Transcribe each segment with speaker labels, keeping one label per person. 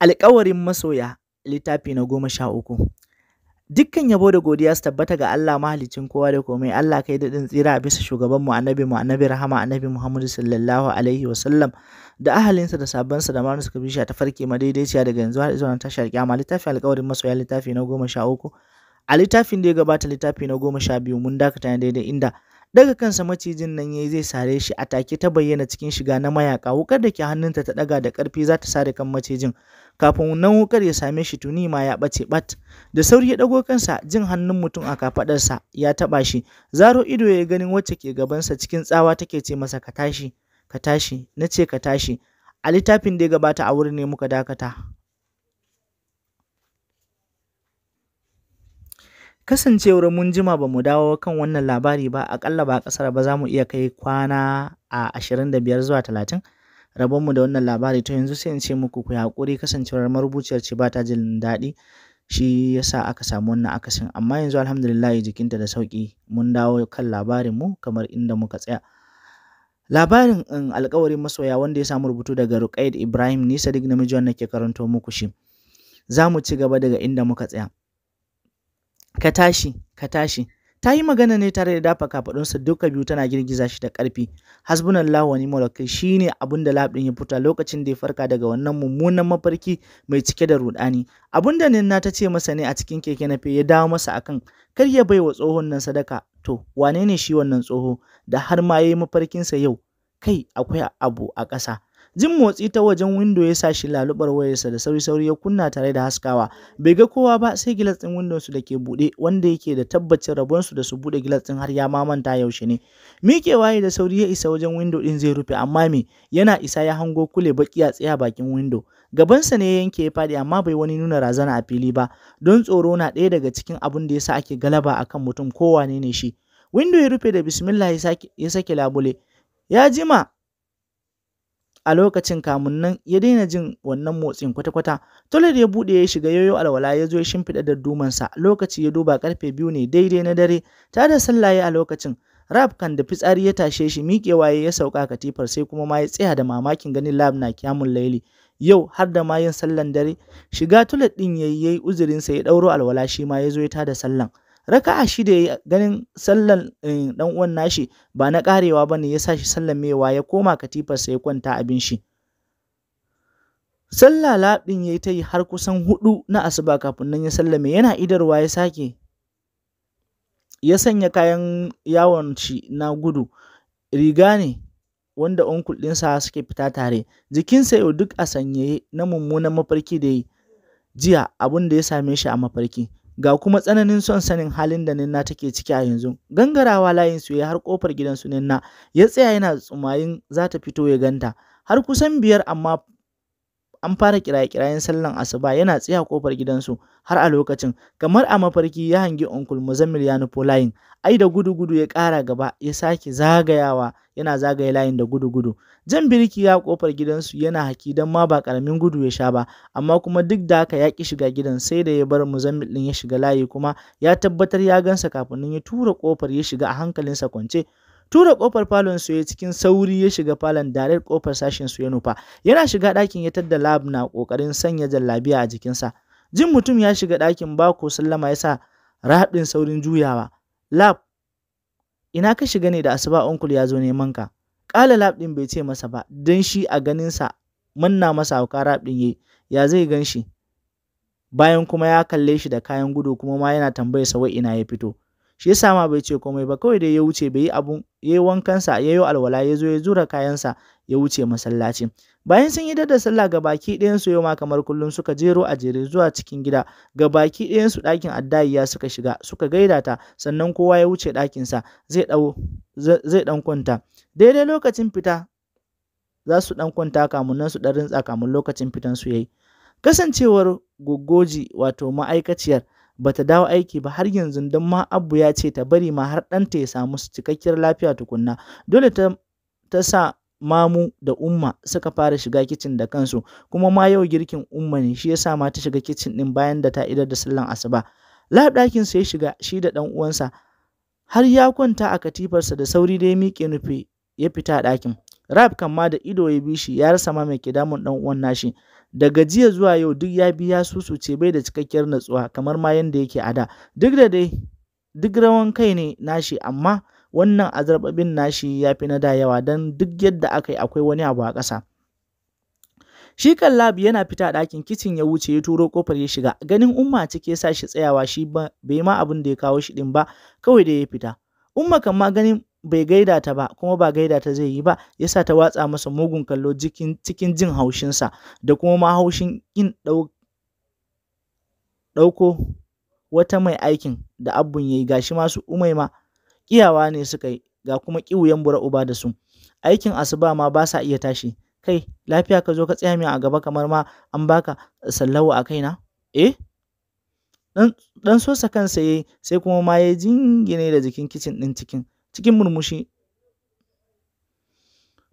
Speaker 1: Alƙawarin masoya littafi na goma sha uku Dukkan yabo da godiya su tabbata ga Allah mahalicin kowa da komai Allah kai daɗin tsira a bisa shugaban mu annabi mu annabi rahama annabi Muhammadu sallallahu alaihi wasallam da ahalinsa da sabansa da manu suka bishiya ta farke madaidaiciya daga yanzu har zuwa tashar kyama littafin alƙawarin masoya littafi na goma sha uku a littafin da ya gabata littafi na goma sha biyu mun dakata na daidai inda daga kansa macijin nan yayi zai sare shi a take ta bayyana cikin shiga na mayaka wukar da ke hannunta ta daga da karfi za ta sare kan macijin kafin nan wukar ya same shi tuni ma ya bace bat da sauri ya dago kansa jin hannun mutum a kafadarsa ya taba shi zaro ido ya ganin wacce ke gabansa cikin tsawa take ce masa ka tashi ka tashi na ce ka tashi a littafin da ya gabata a wurin ne muka dakata Kasancewar mun jima ba mu dawo kan wannan labari ba, akalla ba kasar ba za mu iya kai kwana a 25 zuwa 30 rabonmu da wannan labari to yanzu sai in ce muku ku haƙuri kasancewar marubuciyar ce ba ta jin daɗi shi yasa aka samu wannan akasin amma yanzu alhamdulillah jikinta da sauƙi mun dawo kan labarinmu kamar inda muka tsaya. Labarin in um, alkawarin masoya wanda ya samu rubutu daga Ruqayd Ibrahim ni Sadiq namiji wannan ke karanto muku shi. Za mu ci gaba daga inda muka tsaya. ka tashi ka tashi ta yi magana ne tare da dafa kafaɗunsa duka biyu tana girgiza shi da ƙarfi hasbunan lawani ni'mal shi ne abin da labin ya fita lokacin da ya farka daga wannan mummunan mafarki mai cike da rudani Abun da na ta ce masa ne a cikin keke nafe ya dawo masa akan kar ya bai wa tsohon nan sadaka to wane ne shi wannan tsoho da har ma ya yi mafarkinsa yau kai akwai abu a ƙasa Jin motsi ta wajen windo ya sa shi lalubar wayarsa da sauri-sauri ya kunna tare da haskawa. Bai ga kowa ba sai gilas ɗin windon su da ke buɗe wanda yake da tabbacin rabon su da su buɗe gilas ɗin har ya mamanta yaushe ne. Mike waye da sauri ya isa wajen windo ɗin zai rufe amma me yana isa ya hango kule baki a tsaya bakin windo. Gabansa ne ya yanke ya fadi amma bai wani nuna razana a fili ba don tsoro na ɗaya daga cikin abin da ya sa ake galaba akan mutum kowane ne shi. Windo ya rufe da bismillah ya sake labule. Ya jima a lokacin kamun nan ya daina jin wannan motsin kwata-kwata. Toilet ya buɗe ya shiga yoyo alwala ya zo ya shimfiɗa sa lokaci ya duba karfe biyu ne daidai na dare ta da sallaye a lokacin. Rab kan da fitsari ya tashe shi miƙewa ya sauka katifar sai kuma ma ya tsaya da mamakin ganin lab na kyamun laili. Yau har da ma yin sallan dare shiga toilet ɗin ya yi uzurinsa ya ɗauro alwala shi ma ya zo ya tada sallan. raka'a shi da ganin sallan dan eh, uwan nashi ba na karewa bane ya sa shi sallan mewa ya koma katifarsa ya kwanta abin shi sallah labin yayi ta har kusan hudu na asuba kafin nan ya sallame yana idarwa ya sake ya sanya kayan yawon shi na gudu riga ne wanda onkul sa suke fita tare jikinsa yau duk a sanyaye na mummunan mafarki da yi jiya abin da ya same shi a mafarki ga kuma tsananin son sanin halin da Ninna take ciki a yanzu. Gangarawa layin su ya har kofar gidansu Ninna ya tsaya yana tsumayin za ta fito ya ganta. Har kusan biyar amma an fara kiraye-kirayen sallan asuba yana tsaye a kofar gidansu har a lokacin kamar a mafarki ya hangi onkul muzammil ya nufo layin ai da gudu-gudu ya ƙara gaba ya sake zagayawa yana zagaye layin da gudu-gudu jan birki ya kofar gidansu yana haki don ma ba karamin gudu ya sha ba amma kuma duk da haka ya ki shiga gidan sai da ya bar muzammil din ya shiga layi kuma ya tabbatar ya gansa kafin ya tura kofar ya shiga a hankalinsa kwance tura kofar falon su ya cikin sauri ya shiga falon direct kofar sashin su ya nufa yana shiga ɗakin ya tadda lab na kokarin sanya jallabiya a jikinsa jin mutum ya shiga ɗakin bako sallama yasa raɗin saurin juyawa lab ina ka shiga ne da asuba Uncle ya zo neman ka ƙala lab din bai ce masa ba dan shi a ganin ganinsa manna masa hauka rab din yayi ya zai gan shi bayan kuma ya kalle shi da kayan gudu kuma ma yana tambayar sa wai ina ya fito shi yasa ma bai ce komai ba kawai dai ya wuce bai yi abun ya yi wankansa ya yi alwala ya zo ya zura kayansa ya wuce masallaci bayan sun yi da sallah ga baki ɗayan su yau kamar kullum suka jero a jere zuwa cikin gida ga baki ɗayan su ɗakin addayiya suka shiga suka gaida ta sannan kowa ya wuce ɗakinsa zai ɗau zai ɗan kwanta daidai lokacin fita za su ɗan kwanta kamun nan su ɗan rintsa kamun lokacin fitan su yayi kasancewar Goggoji wato ma'aikaciyar ba ta dawo aiki ba har yanzu don ma abu ya ce ta bari ma har ɗanta ya samu cikakkiyar lafiya tukunna dole ta, sa mamu da umma suka fara shiga kicin da kansu kuma ma yau girkin umma ne shi yasa ma ta shiga kicin din bayan da ta idar da sallan asuba lab ɗakin sai shiga shi da ɗan uwansa har ya kwanta a katifarsa da sauri da ya miƙe nufi ya fita a ɗakin Rab kan ma da ido ya bi shi ya rasa ma mai kidamun dan uwan nashi. Daga jiya zuwa yau duk ya bi ya ce bai da cikakkiyar natsuwa kamar ma yanda yake a da. Duk da dai duk rawan kai ne nashi amma wannan azarbabin nashi ya fi na da yawa don duk yadda aka yi akwai wani abu a ƙasa. Shi kan labi yana fita a ɗakin kicin ya wuce ya turo kofar ya shiga ganin umma cike sa shi tsayawa shi bai ma abin da ya kawo shi ɗin ba kawai da ya fita. Umma kan ma ganin bai gaida ta ba kuma ba gaida ta zai yi ba yasa ta watsa masa mugun kallo cikin jin haushinsa da kuma ma haushin in ɗauko wata mai aikin da abun ya yi gashi masu ma kiyawa ne suka yi ga kuma kiwuyan bura uba da su aikin asuba ma ba sa iya tashi kai lafiya ka zo ka tsaya min a gaba kamar ma an baka sallawa a kaina eh dan sosa kansa yayi sai kuma ma ya jingine da jikin kicin din cikin cikin murmushi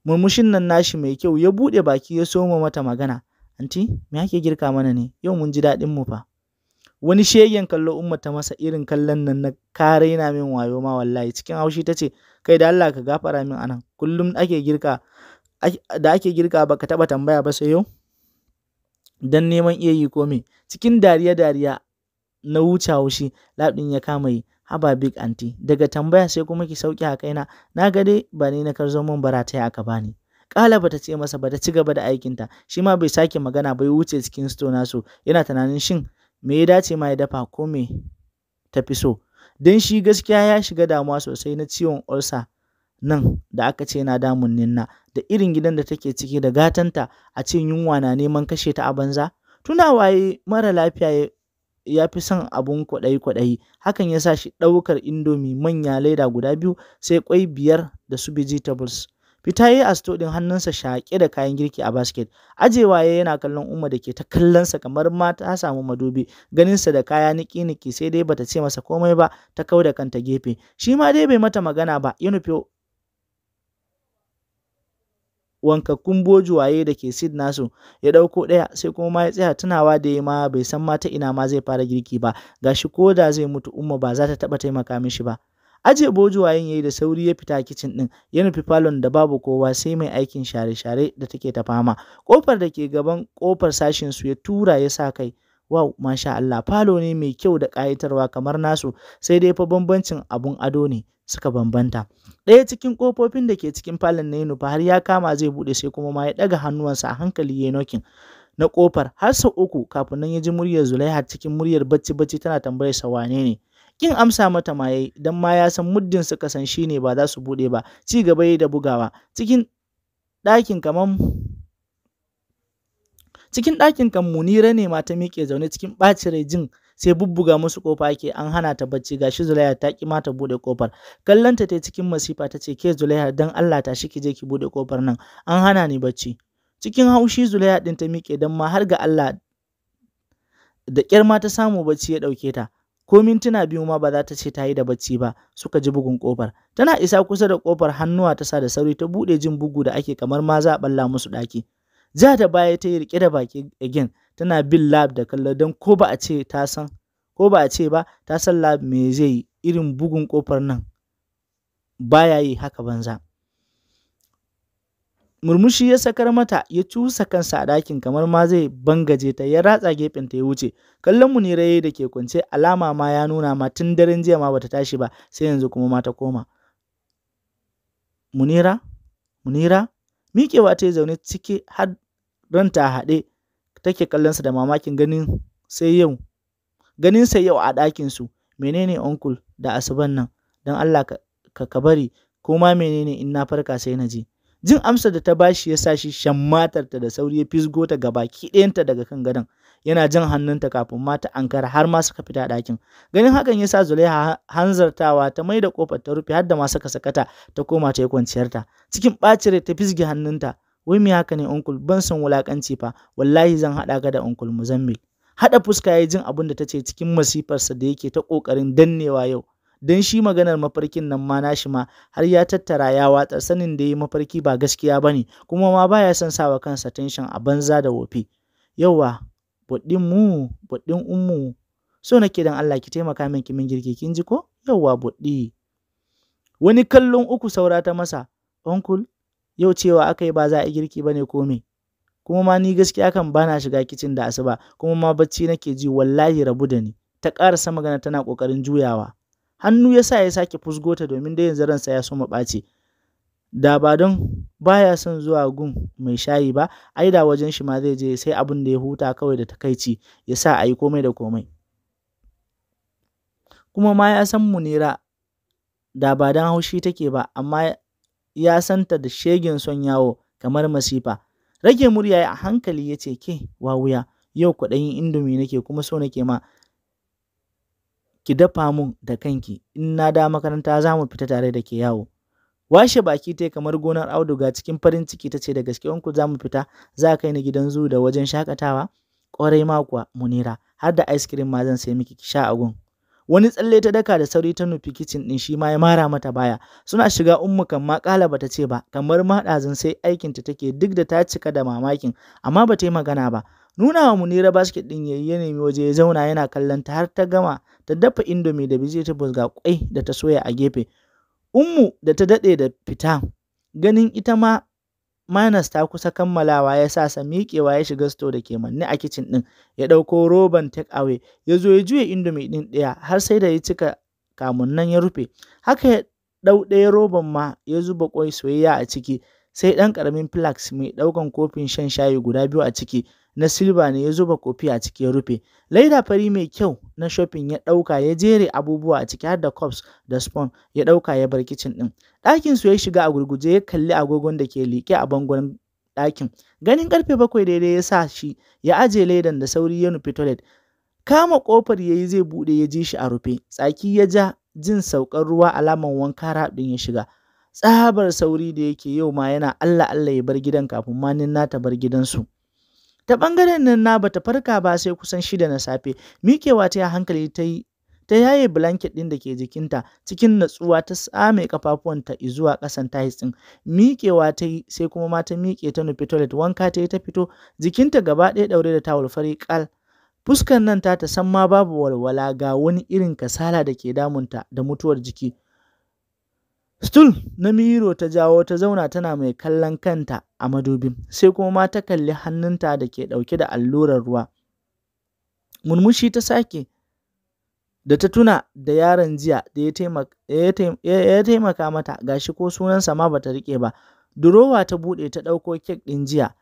Speaker 1: murmushin nan nashi mai kyau ya buɗe baki ya soma mata magana anti me ake girka mana ne yau mun ji daɗin mu fa wani shegen kallo umma ta masa irin kallon nan na kare raina min wayo ma wallahi cikin haushi ta ce kai da Allah ka gafara min anan kullum ake girka da ake girka baka taba tambaya ba sai yau dan neman iya yi ko me cikin dariya dariya na wuce haushi labin ya kama yi haba big anti daga tambaya sai kuma ki sauki a kaina na ga dai ba ni na karzo min bara ta aka bani kala ta ce masa ba ta ci gaba da aikin ta shi ma bai sake magana ba ya wuce cikin sto nasu yana tunanin shin me ya dace ma ya dafa ko me tafi so dan shi gaskiya ya shiga damuwa sosai na ciwon ulsa nan da aka ce na damun ninna da irin gidan da take ciki da gatanta a cikin yunwa na neman kashe ta a banza tuna waye mara lafiya ya fi son abun kwaɗayi-kwaɗayi, hakan ya sa shi ɗaukar indomi manya laida guda biyu sai kwai biyar da su vegetables. Fita ya yi a sto ɗin hannunsa shaƙe da kayan girki a basket. Ajewa ya yana kallon Umma da ke ta kallonsa kamar ma ta samu madubi. Ganinsa da kaya niki-niki sai dai bata ce masa komai ba ta kau da kanta gefe. Shi ma dai bai mata magana ba ya nufi wankakkun bojuwaye da ke sid nasu ya ɗauko ɗaya sai kuma ma ya tsaya tunawa da ya ma bai san mata ina ma zai fara girki ba gashi ko da zai mutu umma ba za ta taɓa taimaka mishi ba aje bojuwayen yayi da sauri ya fita kicin din ya nufi falon da babu kowa sai mai aikin share-share da take ta fama kofar da ke gaban kofar sashin su ya tura ya sa kai wow masha Allah falo ne mai kyau da ƙayatarwa kamar nasu sai dai fa bambancin abun ado ne suka bambanta ɗaya cikin ƙofofin da ke cikin falon na yunufa har ya kama zai buɗe sai kuma ma ya ɗaga hannuwansa a hankali ya nokin na ƙofar har sau uku kafin nan ya ji muryar zulaiha cikin muryar bacci bacci tana tambayar sa wane ne kin amsa mata ma yayi dan ma ya san muddin suka san ne ba za su buɗe ba ci gaba da bugawa cikin ɗakin kaman cikin ɗakin kan munira ne ma ta miƙe zaune cikin ɓacin rai jin sai bubbuga musu kofa ake an hana ta bacci gashi Zulaiha ta ki mata bude kofar kallanta ta cikin masifa ta ce ke Zulaiha dan Allah ta shi ki je ki bude kofar nan an hana ni bacci cikin haushi Zulaiha din ta mike dan ma har ga Allah da ƙyar ma ta samu bacci ya ɗauke ta ko mintuna biyu ma ba za ta ce ta yi da bacci ba suka ji bugun kofar tana isa kusa da kofar hannuwa ta sa da sauri ta bude jin bugu da ake kamar ma za a balla musu daki ja da baya ta yi rike da baki again tana bin lab da kallo don ko ba a ce ta san ko ba a ce ba ta san lab me zai yi irin bugun kofar nan baya yi haka banza murmushi ya sakar mata ya cusa kansa a dakin, kamar ma zai bangaje ta ya ratsa gefen ta ya wuce kallon mu ne raye da ke kwance alama ma ya nuna ma tun daren jiya ma bata tashi ba sai yanzu kuma ma ta koma munira munira miƙewa ta zaune ciki har ranta haɗe take kallonsa da mamakin ganin sai yau ganin sai yau a ɗakinsu menene uncle da asuban nan don Allah ka ka bari ko ma menene in na farka sai na je jin amsa da ta bashi ya sa shi shammatar ta da sauri ya fisgo ta gaba ɗayanta daga kan gadon yana jan hannunta kafin ma ta ankara har ma suka fita ɗakin ganin hakan ya sa zulaiha hanzartawa ta mai da kofar ta rufe har da ma saka sakata ta koma ta yi kwanciyarta cikin ɓacin ta fisge hannunta wai me haka ne uncle ban san wulakanci fa wallahi zan haɗa ka da uncle muzammil haɗa fuska ya jin abin da ta ce cikin masifarsa da yake ta kokarin dannewa yau dan shi maganar mafarkin nan ma nashi ma har ya tattara ya watsa, sanin da yi mafarki ba gaskiya bane kuma ma baya son sawa kansa tension a banza da wofi yauwa buɗin mu buɗin ummu so nake dan Allah ki taimaka min kimin girki kin ji ko yauwa buɗi wani kallon uku saura ta masa uncle yau cewa aka yi ba za a girki ba ne ko me kuma ma ni gaskiya kan ba na shiga kicin da asuba kuma ma bacci nake ji wallahi rabu da ni ta ƙarasa magana tana ƙoƙarin juyawa hannu ya sa ya sake fusgota domin da yanzu ransa ya so bace da ba don baya son zuwa gun mai shayi ba ai da wajen shi ma zai je sai abin da ya huta kawai da takaici ya sa a yi komai da komai kuma ma ya san munira da ba don haushi take ba amma ya santa da shegen son yawo kamar masifa. Rage murya a hankali ya ce ke wawuya yau kwaɗayin indomi nake kuma so nake ma ki dafa mun da kanki in na da makaranta za mu fita tare da ke yawo. Washe baki ta kamar gonar auduga cikin farin ciki ta ce da gaske ku za mu fita za kai ni gidan zu da wajen shakatawa. Ƙwarai ma kuwa Munira har da ice cream ma zan sai miki ki sha a gun. wani tsalle ta daka da sauri ta nufi kicin ɗin shi ma ya mara mata baya suna shiga ummu kan ma kala bata ce ba kamar zan sai aikinta take duk da ta cika da mamakin amma bata yi magana ba nuna wa munira basket ɗin yayi ya nemi waje ya zauna yana kallon ta har ta gama ta dafa indomie da vegetables ga kwai da ta soya a gefe ummu da ta daɗe da fita ganin ita ma Manas ta kusa kammalawa ya sa sa miƙewa ya shiga sto da ke manne a kicin ɗin, ya ɗauko roban take away, ya zo ya juya indomie ɗin ɗaya har sai da ya cika kamun nan ya rufe. Haka ya ɗau ɗaya roban ma ya zuba ƙwai soyayya a ciki, sai ɗan ƙaramin flax mai ɗaukan kofin shan shayi guda biyu a ciki. na silba ne ya zuba kofi a ciki ya rufe. laida fari mai kyau na shopping ya ɗauka ya jere abubuwa a ciki har da cups da spoon ya ɗauka ya bar kicin ɗin. Ɗakin su ya shiga a gurguje ya kalli agogon da ke liƙe a bangon ɗakin. Ganin ƙarfe bakwai daidai ya sa shi ya aje laidan da sauri ya nufi toilet. Kama ƙofar ya yi zai buɗe ya ji shi a rufe. Tsaki ya ja jin saukar ruwa alaman wanka raɗin ya shiga. Tsabar sauri da yake yau ma yana Allah Allah ya bar gidan kafin ma ta bar gidansu. ta ɓangaren nan na bata farka ba sai kusan shida na safe miƙewa ta hankali ta yi ta yaye blanket ɗin da ke jikinta cikin natsuwa ta tsame kafafuwanta zuwa ƙasan tiles ɗin miƙewa ta yi sai kuma ma ta miƙe ta nufi toilet wanka ta yi ta fito jikinta gaba ɗaya ɗaure da tawul fari ƙal fuskar nan ta ta san ma babu walwala ga wani irin kasala da ke damunta da mutuwar jiki Stool na Miro ta jawo ta zauna tana mai kallon kanta a madubin, sai kuma ma ta kalli hannunta da ke ɗauke da allurar ruwa, murmushi ta sake da ta tuna da yaron jiya da ya taimaka mata ga shi ko sunansa ma bata rike ba. Durowa ta buɗe ta ɗauko kek ɗin jiya,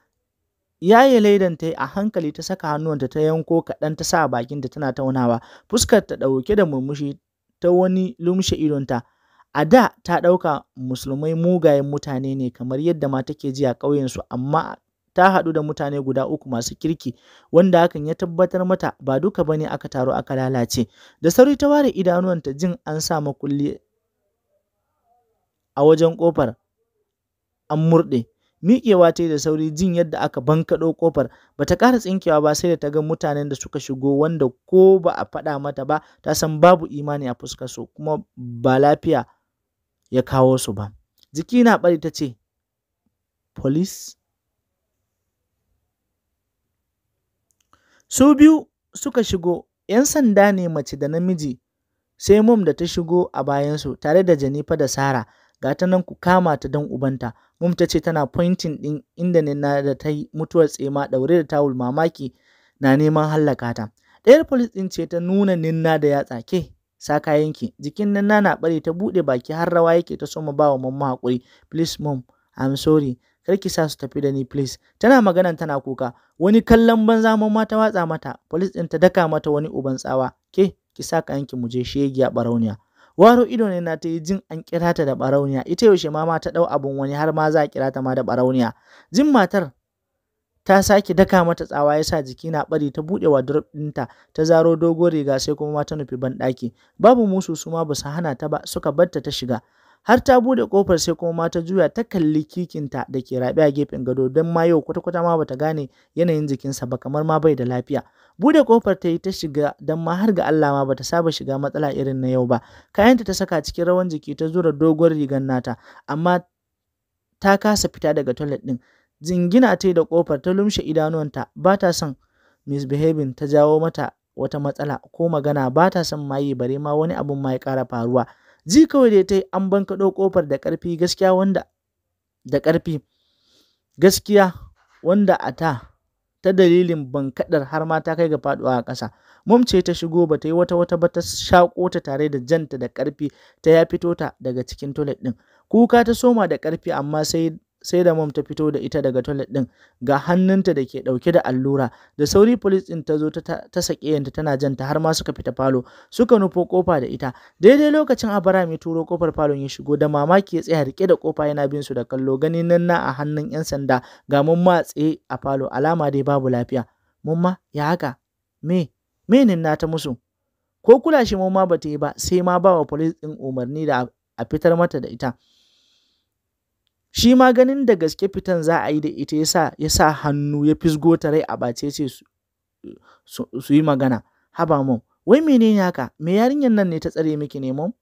Speaker 1: yaye laidan ta yi a hankali ta saka hannuwanta ta yanko kaɗan ta sa bakin bakinta tana taunawa, fuskar ta ɗauke da murmushi ta wani lumshe idonta. A da ta ɗauka Musulmai mugayen mutane ne kamar yadda ma take ji a ƙauyensu amma ta haɗu da mutane guda uku masu kirki wanda hakan ya tabbatar mata ba duka bane aka taru aka lalace. Da sauri ta ware idanuwanta jin an sa makulli a wajen ƙofar an murɗe. miƙewa ta yi da sauri jin yadda aka bankaɗo ƙofar ba ta ƙara tsinkewa ba sai da ta ga mutanen da suka shigo wanda ko ba a faɗa mata ba ta san babu imani a su kuma ba lafiya ya kawo su ba jiki na bari ta ce police su biyu suka shigo 'yan sanda ne mace da namiji sai mum da ta shigo a bayansu tare da janifa da sara ga ta nan ku kama ta don ubanta mum ta ce tana pointing ɗin inda ne na da ta yi mutuwar tsema ɗaure da tawul mamaki na neman hallaka ta ɗayar polis ɗin ce ta nuna ninna da yatsa ke Saka yanki, jikin nan na bare ta bude baki har rawa yake ta soma bawa mamma hakuri. Please mom, I'm sorry. Kar ki sa su tafi da ni please. Tana maganan tana kuka. Wani kallon banza mamma ta watsa mata. Police ɗin ta daka mata wani uban tsawa. Ke, ki sa kayanki mu je shegiya barauniya. waro ido ne na ta yi jin an kira ta da barauniya ita yaushe mama ta dau abun wani har ma za a kira ta ma da barauniya jin matar ta sake daka mata tsawa yasa jiki na bari ta buɗe wardrobe ɗinta ta zaro dogon riga sai kuma ma ta nufi banɗaki babu musu su ma basu hana ta ba suka barta ta shiga har ta buɗe kofar sai kuma ma ta juya ta kalli kikinta da ke raɓe a gefen gado don ma yau kwata-kwata ma bata gane yanayin jikinsa ba kamar ma bai da lafiya buɗe kofar ta yi ta shiga don ma har ga Allah ma bata saba shiga matsala irin na yau ba kayanta ta saka cikin rawan jiki ta zura dogon rigan nata amma ta kasa fita daga toilet ɗin jingina ta yi da kofar ta lumshe idanuwanta ba ta son misbehaving ta jawo mata wata matsala ko magana ba ta son maye bare ma wani abun ma ya ƙara faruwa ji kawai dai ta yi an bankaɗo kofar da ƙarfi gaskiya wanda da ƙarfi gaskiya wanda a ta ta dalilin bankaɗar har ma ta kai ga faduwa a ƙasa mun ce ta shigo ba ta yi wata wata ba ta shaƙo ta tare da janta da ƙarfi ta ya fito ta daga cikin toilet ɗin kuka ta soma da ƙarfi amma sai sai da mom ta fito da ita daga toilet din ga hannunta da ke dauke da allura da sauri police din ta zo ta sake yanta tana janta har ma suka fita falo suka nufo kofa da ita daidai lokacin abara mai turo kofar falon ya shigo da mamaki ya tsaya rike da kofa yana bin su da kallo ganin nan na a hannun yan sanda ga mun ma tsaye a falo alama dai babu lafiya mun ma ya haka me menin na ta musu ko kula shi mun ma bata yi ba sai ma ba wa police din umarni da a fitar mata da ita Shi ma ganin da gaske fitan za a yi da ita ya sa hannu ya fisgo ta rai a bace ce su yi magana. Haba mom, wai menene haka? Me yarinyar nan ne ta tsare miki ne mom?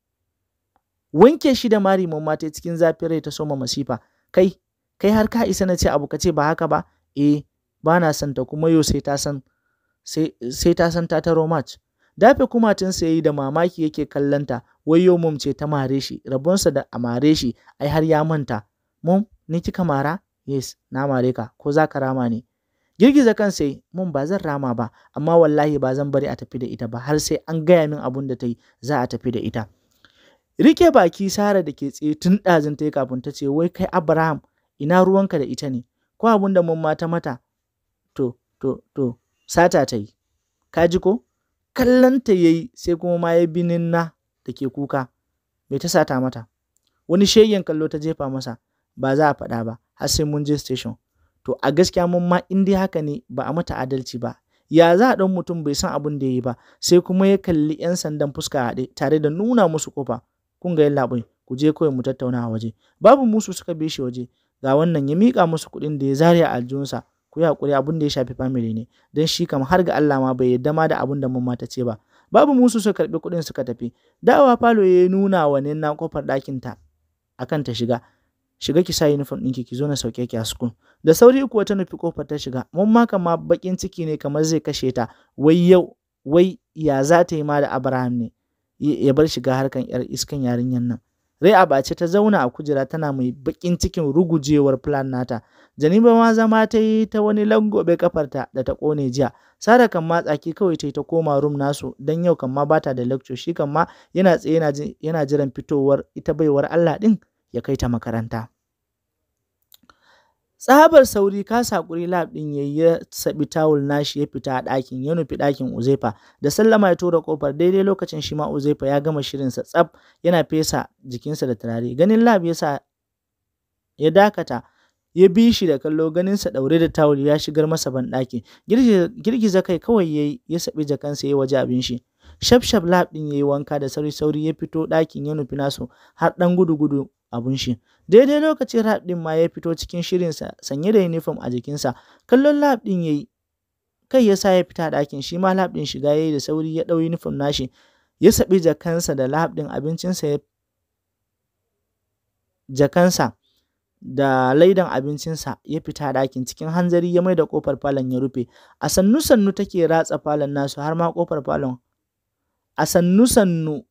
Speaker 1: Wanke shi da mari mom mata cikin zafin rai ta soma masifa. Kai, kai har ka isa na ce abu ka ce ba haka ba? Eh, ba na son ta kuma yau sai ta san sai ta san ta taro match. Dafe tun sai yi da mamaki yake kallanta, wai yau mom ce ta mare shi, rabonsa da amare shi, ai har ya manta. Mun? ni kika mara? Yes, na mare ka, ko za ka rama ne? Girgiza kan sai, mun ba zan rama ba, amma wallahi ba zan bari a tafi da ita ba, har sai an gaya min abun da ta yi, za a tafi da ita. Rike baki Sara da ke tsaye tun ɗazin ta yi kafin ta ce, wai kai Abraham, ina ruwanka da ita ne, ko abun da mun mata mata? To, to, to, sata ta yi, ka ji ko? Kallon ta ya yi sai kuma ma ya bi ninna da ke kuka, me ta sata mata? Wani shegen kallo ta jefa masa, ba za a faɗa ba har sai mun je station to a gaskiya mun ma in dai haka ne ba a mata adalci ba ya za a ɗan mutum bai san abin da ya yi ba sai kuma ya kalli 'yan sandan fuska haɗe tare da nuna musu kofa kun ga kuje ku je kawai mu tattauna a waje babu musu suka bi shi waje ga wannan ya mika musu kuɗin da ya zare a aljihunsa ku yi haƙuri abin da ya shafi family ne don shi kam har ga Allah ma bai yarda ma da abin da mun mata ce ba babu musu suka karɓi kuɗin suka tafi dawa falo ya nuna wa na kofar ɗakin ta akan ta shiga shiga ki sa uniform ɗinki ki zo na sauke ki a school da sauri kuwa ta nufi kofar ta shiga mun ma kama bakin ciki ne kamar zai kashe ta wai yau wai ya za ta yi ma da Abraham ne ya bar shiga harkan yar iskan yarinyar nan Rai a bace ta zauna a kujera tana mai baƙin cikin rugujewar plan nata. Janiba ma zama ta yi ta wani langobe kafarta da ta kone jiya. Sara kan ma tsaki kawai ta yi ta koma room nasu dan yau kan ma bata da lecture shi kan ma yana tsaye yana jiran fitowar ita baiwar Allah din ya kai ta makaranta tsabar sauri ka saƙuri lab ɗin yayi ya saɓi tawul nashi ya fita a ɗakin ya nufi ɗakin uzaifa da sallama ya tura ƙofar daidai lokacin shi ma uzaifa ya gama shirinsa tsab yana fesa jikinsa da turare ganin lab ya sa ya dakata ya bi shi da kallo ganinsa ɗaure da tawul ya shigar masa banɗaki girgiza kai kawai ya ya sabi jakansa ya waje abin shi shaf shaf lab ya yayi wanka da sauri sauri ya fito ɗakin ya nufi nasu har ɗan gudu gudu abun shi. Daidai lokacin rap ɗin ma ya fito cikin shirinsa sanye da yunifom a jikinsa, kallon lab ɗin yayi kai ya sa ya fita dakin shi ma lab ɗin shiga yayi yi da sauri ya ɗau yunifom nashi, ya saɓi jakansa da lab ɗin abincinsa ya jakansa da laidan abincinsa ya fita dakin cikin hanzari ya mai da kofar falon ya rufe a sannu sannu take ratsa falon nasu har ma ƙofar falon a sannu sannu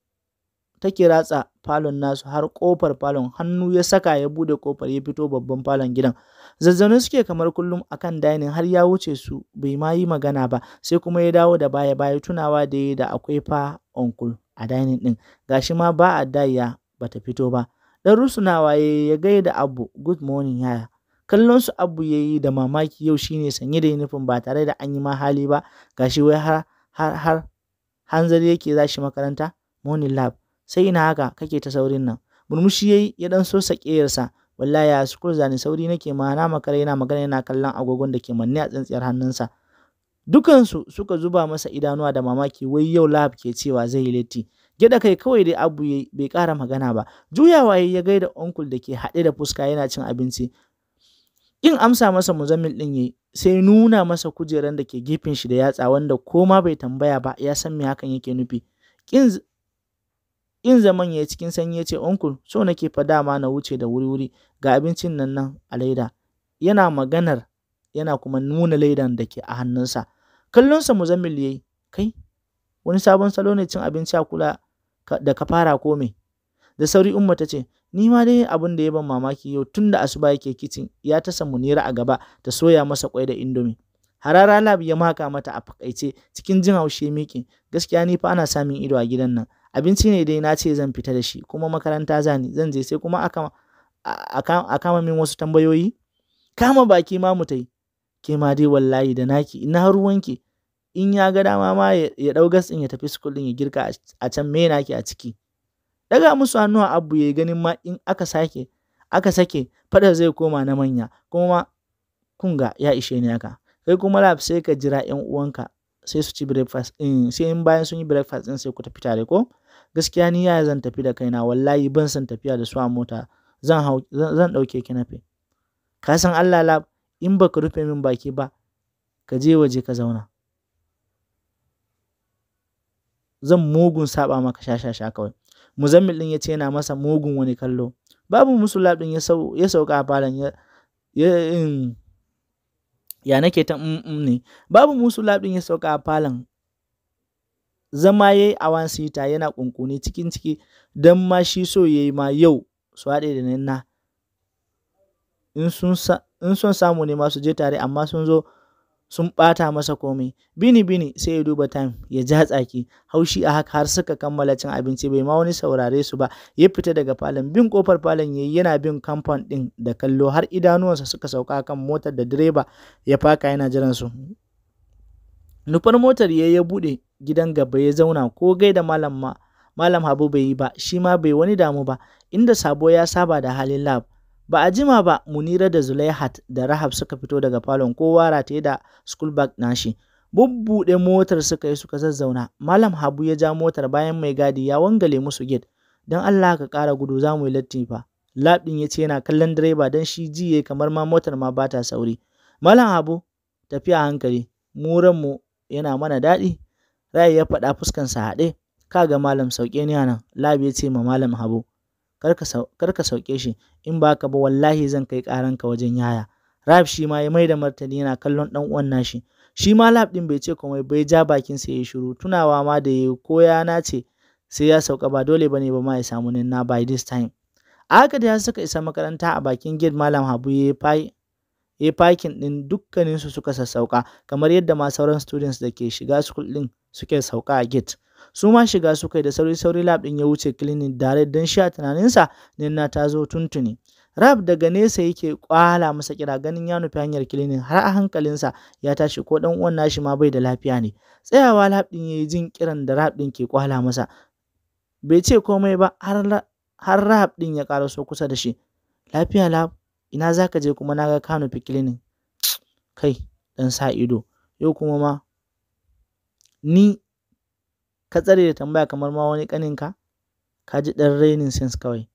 Speaker 1: take ratsa falon nasu har kofar falon hannu ya saka ya bude kofar ya fito babban falon gidan zazzaune suke kamar kullum akan dining har ya wuce su bai ma yi magana ba sai kuma ya dawo da baya baya tunawa da ya da akwai fa onkul a dining din gashi ma ba a daya bata fito ba dan rusunawa ya gaida abu good morning yaya kallon su abu ya yi da mamaki yau shine sanye da yunifin ba tare da an yi ma hali ba gashi wai har har har hanzari yake zashi makaranta morning lab sai ina haka kake ta saurin nan murmushi yayi ya dan so sakeyarsa wallahi ya shukur zani sauri nake ma na makara yana magana yana kallon agogon da ke manne a tsantsiyar hannunsa dukansu suka zuba masa idanuwa da mamaki wai yau lahab ke cewa zai yi latti gida kai kawai dai abu yayi bai kara magana ba juyawa yayi ya gaida onkul da ke haɗe da fuska yana cin abinci in amsa masa muzammil din yayi sai nuna masa kujeran da ke gefen shi da yatsa wanda ko ma bai tambaya ba ya san me hakan yake nufi kin in zaman ya cikin sanyi ya ce uncle so nake fa dama na wuce da wuri-wuri ga abincin nan nan a laida yana maganar yana kuma nuna laidan da ke a hannunsa kallonsa muzammil yayi kai wani sabon salo ne cin abinci a kula da ka fara ko me da sauri umma ta ce ni ma dai abin da ya ban mamaki yau tun da asuba yake kicin ya ta samu nira a gaba ta soya masa kwai da indomi harara lab ya maka mata a fakaice cikin jin haushe miƙin gaskiya ni fa ana samun ido a gidan nan abinci ne dai na ce zan fita da shi kuma makaranta zani zan je sai kuma a kama min wasu tambayoyi kama baki ma mutai tai ke ma dai wallahi da naki ina ruwanki in ya ga dama ma ya dau gas ya tafi school din ya girka a can me naki a ciki daga musu hannu a abu ya ganin ma in aka sake aka sake fada zai koma na manya kuma kunga ya ishe ni haka kai kuma lab sai ka jira yan uwanka sai su ci breakfast in sai in bayan sun yi breakfast din sai ku tafi tare ko gaskiya ni yaya zan tafi da kaina wallahi ban san tafiya da su a mota zan hau zan dauke ki nafe ka san Allah lab in baka rufe min baki ba ka je waje ka zauna zan mugun saba maka shashasha kawai muzammil din yace yana masa mugun wani kallo babu musu lab din ya sauka a falon ya ya nake ta mm, mm ne babu musu labin ya sauka a falon zama yayi a wan sita yana kunkuni cikin ciki don ma shi so ya yi ma yau su haɗe da nan in sun samu ne ma su je tare amma sun zo sun ɓata masa komai bini bini sai ya duba time ya ja tsaki haushi a haka har suka kammala cin abinci bai ma wani saurare su ba ya fita daga falon bin kofar falon yayi yana bin kamfan din da kallo har idanuwansa suka sauka kan motar da direba ya faka yana jiran su nufar motar ya ya bude gidan gaba ya zauna ko gaida malam ma malam habu bai yi ba shi ma bai wani damu ba inda sabo ya saba da halin lab Ba a jima ba Munira da Zulaihat da Rahab suka fito daga falon kowa rataye da school bag nashi. Bubbuɗe motar suka yi suka zazzauna. Malam Habu ya ja motar bayan mai gadi ya wangale musu gate. Don Allah ka ƙara gudu za mu yi latti fa. Labdin ya ce yana kallon direba don shi jiye kamar ma motar ma ba ta sauri. Malam Habu tafi a hankali. Muranmu yana mana daɗi. Rai ya faɗa fuskansa haɗe. kaga malam sauke ni nan. Lab ya ce ma malam Habu. kar ka sauke shi in ba ka ba wallahi zan kai karanka wajen yaya rab shi ma ya mai da martani yana kallon dan uwan nashi shi ma lab din bai ce komai bai ja bakin sa yayi shiru tunawa ma da yayi ko ya nace sai ya sauka ba dole bane ba ma ya samu na by this time a haka da suka isa makaranta a bakin gate malam Habu ya fai ya fakin din dukkaninsu suka sassauka kamar yadda ma sauran students da ke shiga school din suke sauka a gate su ma shiga su yi da sauri-sauri lab din ya wuce clinic dare don shi a tunaninsa Ninna ta zo tuntuni. Rab daga nesa yake kwala masa kira ganin ya nufi hanyar kilinin har a hankalin sa ya tashi ko dan uwan nashi ma bai da lafiya ne. Tsayawa lab din yayi jin kiran da Rab din ke kwala masa. Bai ce komai ba har har Rab din ya so kusa da shi. Lafiya lab, ina zaka je kuma naga ka nufi kilinin. Kai, dan sa ido. Yau kuma ma ni ka tsare da tambaya kamar ma wani ƙaninka ka ji dan rainin sense kawai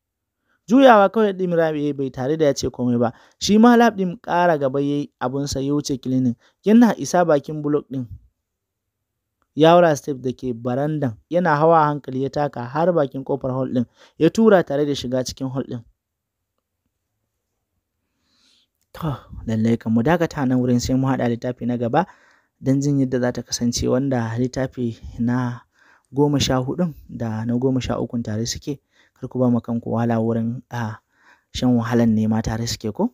Speaker 1: juyawa kawai ɗin rabi bai tare da ya ce komai ba shi ma lab ɗin ƙara gaba ya yi sa ya wuce kilinin yana isa bakin blok ɗin yawra step da ke barandan yana hawa hankali ya taka har bakin kofar hall ɗin ya tura tare da shiga cikin hall ɗin to lallai kan mu dakata nan wurin sai mu haɗa littafi na gaba dan jin yadda za ta kasance wanda littafi na goma sha hudun da na goma sha ukun tare suke kar ku ba ma kanku wahala wurin ah, shan wahalan nema tare suke ko